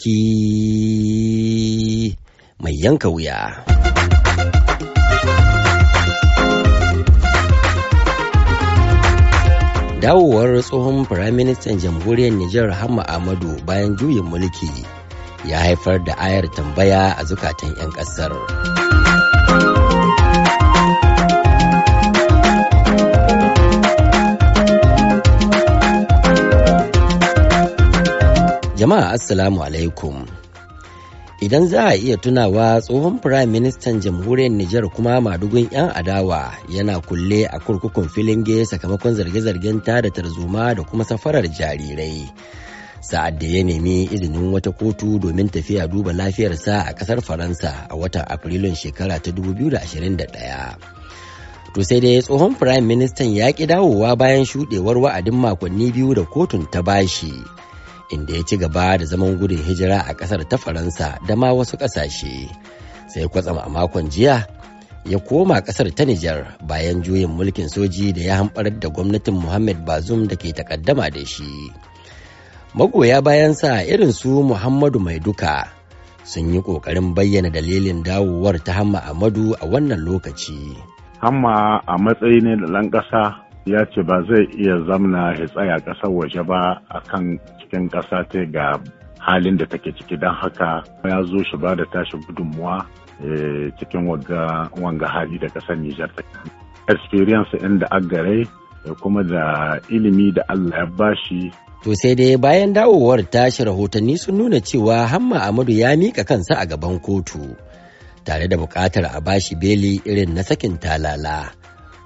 baki mai yanka wuya. Dawowar tsohon Firaministan Jamhuriyar Nijar Hama Ahmadu bayan juyin mulki ya haifar da ayar tambaya a zukatan 'yan ƙasar. Jama'a Assalamu alaikum. Idan za a iya tunawa tsohon Firayim Ministan Jamhuriyar Nijar kuma madugun 'yan adawa yana kulle a kurkukun filinge sakamakon zarge-zargen tada tarzoma da kuma safarar jarirai. Sa'ad da ya nemi izinin wata kotu domin tafiya duba lafiyarsa a kasar Faransa a watan Afrilun shekara ta 2021. To sai dai tsohon firayim ministan ya ƙi dawowa bayan shuɗewar wa'adin makonni biyu da kotun ta bashi. inda ya ci gaba da zaman gudun hijira a ƙasar ta Faransa da ma wasu ƙasashe. Sai kwatsam a makon jiya ya koma ƙasar ta Nijar bayan juyin mulkin soji da ya hamɓarar da gwamnatin Muhammad Bazum da ke takaddama da shi. Magoya bayansa irin su Muhammadu Mai Duka sun yi ƙoƙarin bayyana dalilin dawowar ta Hamma Amadu a wannan lokaci. Hamma a matsayi ne da lan ƙasa ya ce ba zai iya zamna ya tsaya ƙasar waje ba a kan cikin ƙasa ta ga halin da take ciki don haka ya zo shi ba da tashi gudunmuwa eh, cikin wanga hali da ƙasar Nijar ta experience inda agare kuma da ilimi da Allah ya bashi To sai dai bayan dawowar tashi rahotanni sun nuna cewa Hamma Amadu ya mika kansa a gaban kotu tare da buƙatar a bashi beli irin na sakin talala.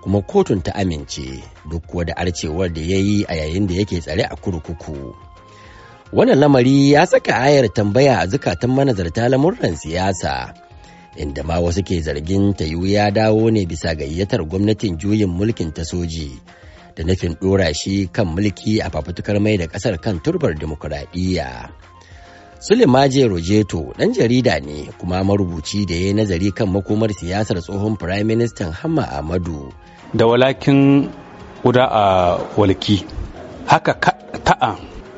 kuma kotun ta amince duk kuwa da arcewar da ya yi a yayin da yake tsare a kurkuku. Wannan lamari ya saka ayar tambaya a zukatan manazarta lamurran siyasa, inda ma wasu ke zargin ta yi ya dawo ne bisa gayyatar gwamnatin juyin mulkin ta soji, da nufin ɗora shi kan mulki a fafutukar mai da ƙasar kan turbar dimokuraɗiyya. Sulimaje Rojeto ɗan jarida ne kuma marubuci da ya yi nazari kan makomar siyasar tsohon Firaministan Hamma Ahmadu da walakin guda a walki haka ta'a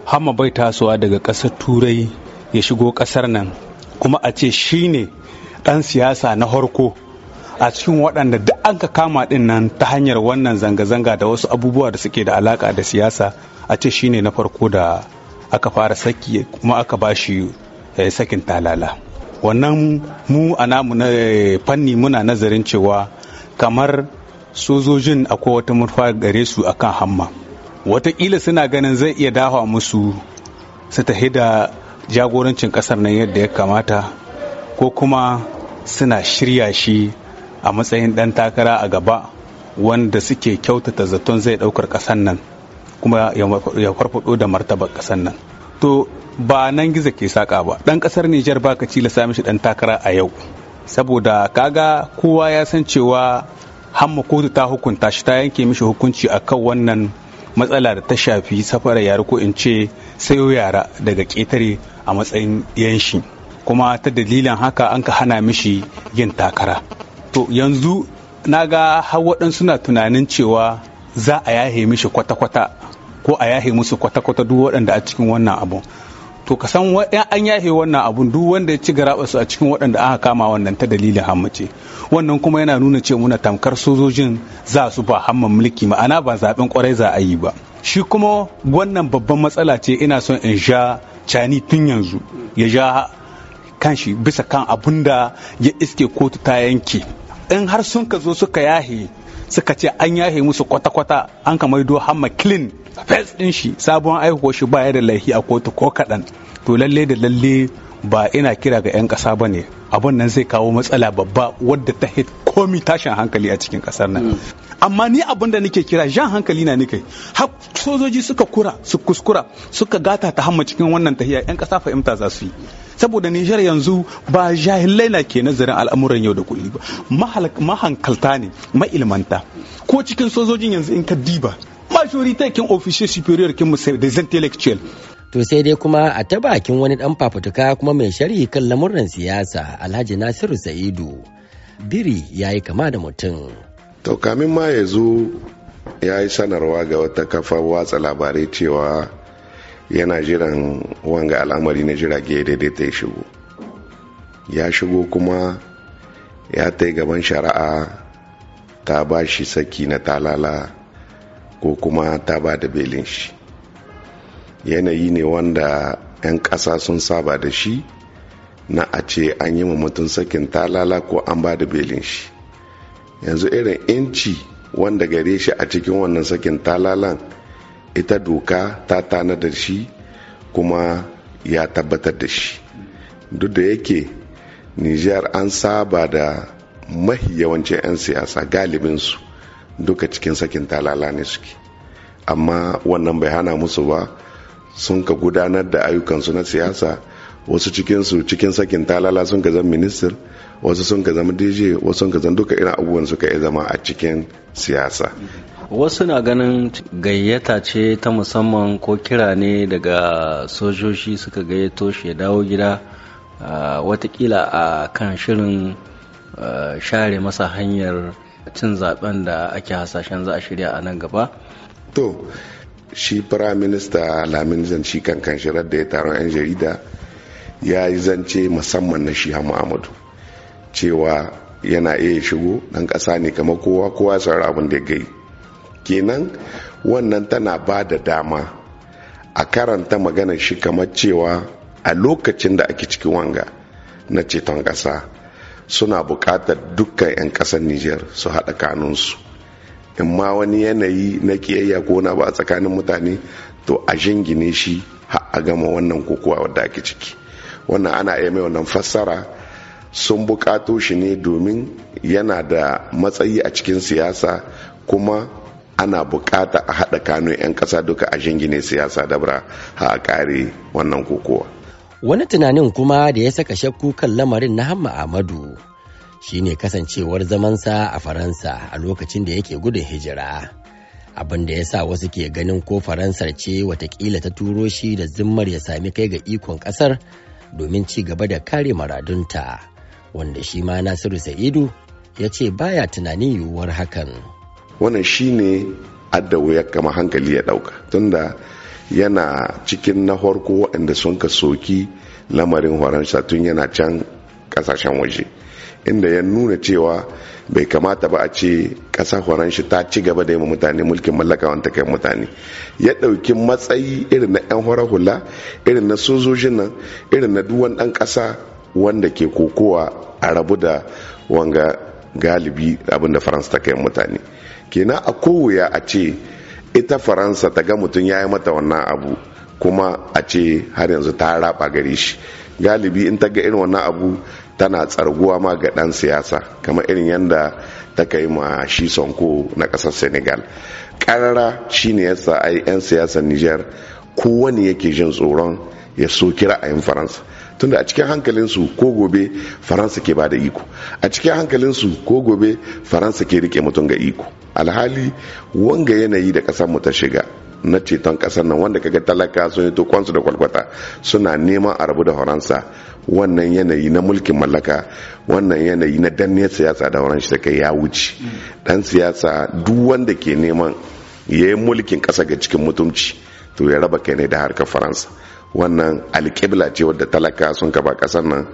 hama bai tasowa daga ƙasar turai ya shigo ƙasar nan kuma a ce shi ne ɗan siyasa na harko a cikin waɗanda duk an ka kama ɗin nan ta hanyar wannan zanga-zanga da wasu abubuwa da suke da alaƙa da siyasa a ce shi ne na farko da aka fara saki kuma aka ba shi eh, sakin talala wannan mu a namu na eh, fanni muna nazarin cewa kamar sojojin akwai wata murfa gare su akan hamma watakila suna ganin zai iya dawa musu su tafi da jagorancin kasar nan yadda ya kamata ko kuma suna shirya shi a matsayin dan takara a gaba wanda suke kyautata zaton zai daukar kasar nan kuma ya farfado da martabar kasar nan to ba nan gizo ke saka ba dan kasar Nijar ba ka ci sami shi dan takara a yau saboda kaga kowa ya san cewa hamma kotu ta hukunta shi ta yanke mishi hukunci akan wannan matsala da ta shafi safarar yara ko in ce sayo yara daga ƙetare a matsayin yanshi kuma ta dalilin haka an ka hana mishi yin takara to yanzu na ga har suna tunanin cewa za a yahe mishi kwata-kwata ko a yahe musu kwata-kwata duk waɗanda a cikin wannan abu to ka san an yahe wannan abun duk wanda ya ci garabarsu a cikin waɗanda aka kama wannan ta dalilin hammace wannan kuma yana nuna ce muna tamkar sojojin za su ba hamman mulki ma'ana ba zaben kwarai za a yi ba shi kuma wannan babban matsala ce ina son in sha cani tun yanzu ya ja kanshi bisa kan abun da ya iske kotu ta yanke in har sun ka zo suka yahe suka ce an yahe musu kwata-kwata an kamar do hamma clean fes din shi sabon aihuwar shi baya da laihi a kotu ko kaɗan to lalle da lalle ba ina kira ga 'yan kasa ba ne abin nan zai kawo matsala babba wadda ta hit komi tashin hankali a cikin kasar nan mm. amma ni abin da nake kira jan hankali na nake har sojoji suka kura su kuskura suka gata ta hamma cikin wannan tahiya 'yan kasa fahimta za su yi saboda Nijar yanzu ba jahilai na ke nazarin al'amuran yau da kullum ba mahankalta ne ma'ilmanta ko cikin sojojin yanzu in ka diba ta kin officier superior kin des to sai dai kuma a ta bakin wani dan fafutuka kuma mai sharhi kan lamuran siyasa Alhaji Nasiru Sa'idu biri ya yi kama da mutum to kamin ma ya zo ya yi sanarwa ga wata kafa watsa labarai cewa yana jiran wanga al'amari na jirage daidai ta shigo ya shigo kuma ya ta gaban shari'a ta ba shi saki na talala ko kuma ta ba da belin shi yanayi ne wanda 'yan ƙasa sun saba da shi na a ce an yi mutum sakin talala ko an ba da belin shi yanzu irin inci wanda gare shi a cikin wannan sakin talalan ita doka ta tanadar shi kuma ya tabbatar da shi duk da yake nijar an saba da mahi yawancin 'yan siyasa galibinsu duka cikin sakin talala ne suke amma wannan bai hana musu ba sun ka gudanar da ayyukansu na siyasa wasu cikinsu cikin sakin talala sun ka zama minister wasu sun ka zama dj wasu sun ka zama duka irin abubuwan suka iya zama a cikin siyasa wasu na ganin gayyata ce ta musamman ko kira ne daga sojoji suka gayyato shi ya dawo gida watakila a kan shirin share masa hanyar cin zaben da ake hasashen za a shirya a nan gaba to shi firaminista lamin zanci kan kan shirar da ya taron 'yan jarida ya yi zance musamman na shi muhammadu cewa yana iya shigo dan ƙasa ne kamar kowa kowa sauran abin da ya gai kenan wannan tana ba da dama a karanta magana shi kamar cewa a lokacin da ake cikin wanga na ceton ƙasa suna buƙatar dukkan 'yan ƙasar niger su haɗa kanunsu in ma wani yanayi na kiyayya ko na ba a tsakanin mutane to a jingine shi a gama wannan kokowa wadda ake ciki wannan ana iya mai wannan fassara sun buƙato shi ne domin yana da matsayi a cikin siyasa kuma ana bukata a haɗa kano 'yan ƙasa duka a jingine siyasa da ha a ƙare wannan kokowa. Wani tunanin kuma da ya saka shakku kan lamarin na Hamma Ahmadu shine kasancewar zamansa a Faransa a lokacin da yake gudun hijira. Abin da ya sa wasu ke ganin ko Faransar ce watakila ta turo shi da zimmar ya sami kai ga ikon ƙasar domin ci gaba da kare maradunta, wanda shi ma Nasiru Sa'idu ya ce baya tunanin yiwuwar hakan. wannan shi ne addawo ya kama hankali ya dauka tunda yana cikin na farko waɗanda sun ka soki lamarin faransa tun yana can kasashen waje inda ya nuna cewa bai kamata ba a ce ƙasa shi ta ci gaba da yi mutane mulkin mallaka wanda kai mutane ya ɗauki matsayi irin na 'yan horar hula irin na sojojin nan irin na duwan ɗan ƙasa wanda ke kokowa a rabu da wanga galibi abinda faransa ta kai mutane kenan a kowuya a ce ita faransa ta ga mutum ya yi mata wannan abu kuma a ce har yanzu ta raba gare shi galibi in ta ga irin wannan abu tana tsarguwa ma ga dan siyasa kamar irin yadda ta kai ma shi sonko na kasar senegal karara shine yasa ai 'yan siyasar niger kowane yake jin tsoron ya a yin faransa tunda a cikin hankalinsu ko gobe faransa ke bada iko a cikin hankalinsu ko gobe faransa ke rike mutum ga iko alhali wanga yanayi da kasar mu ta shiga na ceton kasar nan wanda kaga talaka sun yi tokonsu da kwalkwata suna neman a rabu da faransa wannan yanayi na mulkin mallaka wannan yanayi na danniyar siyasa da faransa shi ta kai ya wuce dan siyasa duk wanda ke neman ya yi mulkin kasa ga cikin mutumci to ya raba kai ne da harkar faransa wannan alƙibla ce wadda talaka sun kaba ƙasar nan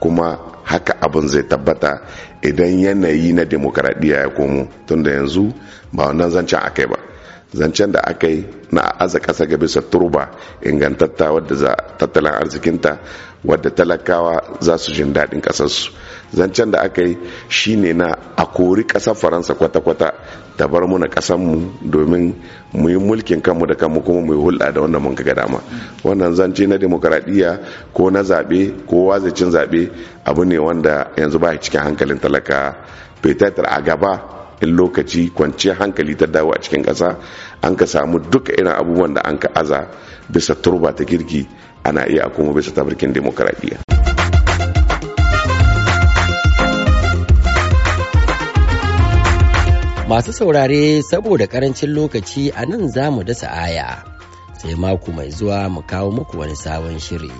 kuma haka abin zai tabbata idan yanayi na demokaradiyya ya komo tunda yanzu ba wannan zancen akai ba zancen da aka yi na aza ƙasa ga bisa turba ingantatta wadda za tattalin arzikinta wadda talakawa za su jin daɗin ƙasarsu zancen da aka yi shine na a kori ƙasar faransa kwata-kwata ta bar muna ƙasarmu domin mu yi mulkin kanmu da kanmu kuma mu yi hulɗa da wanda mun ga dama wannan zance na demokaradiyya ko na zaɓe ko wazicin zaɓe abu ne wanda yanzu ba cikin hankalin talaka a gaba in lokaci kwanciyar hankali ta dawo a cikin ƙasa an ka samu duka irin abubuwan da an ka aza bisa turba ta girki, ana iya a kuma bisa tabarkin demokaradiyya. Masu saurare saboda karancin lokaci a nan za mu dasa aya sai mako mai zuwa mu kawo muku wani sabon shiri.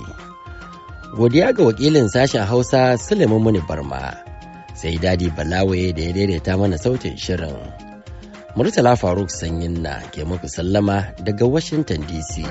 Godiya ga wakilin sashen Hausa Suleiman Muni Barma. sai dadi balawaye da ya daidaita mana sautin shirin murtala faruk sanyin na ke muku sallama daga washington dc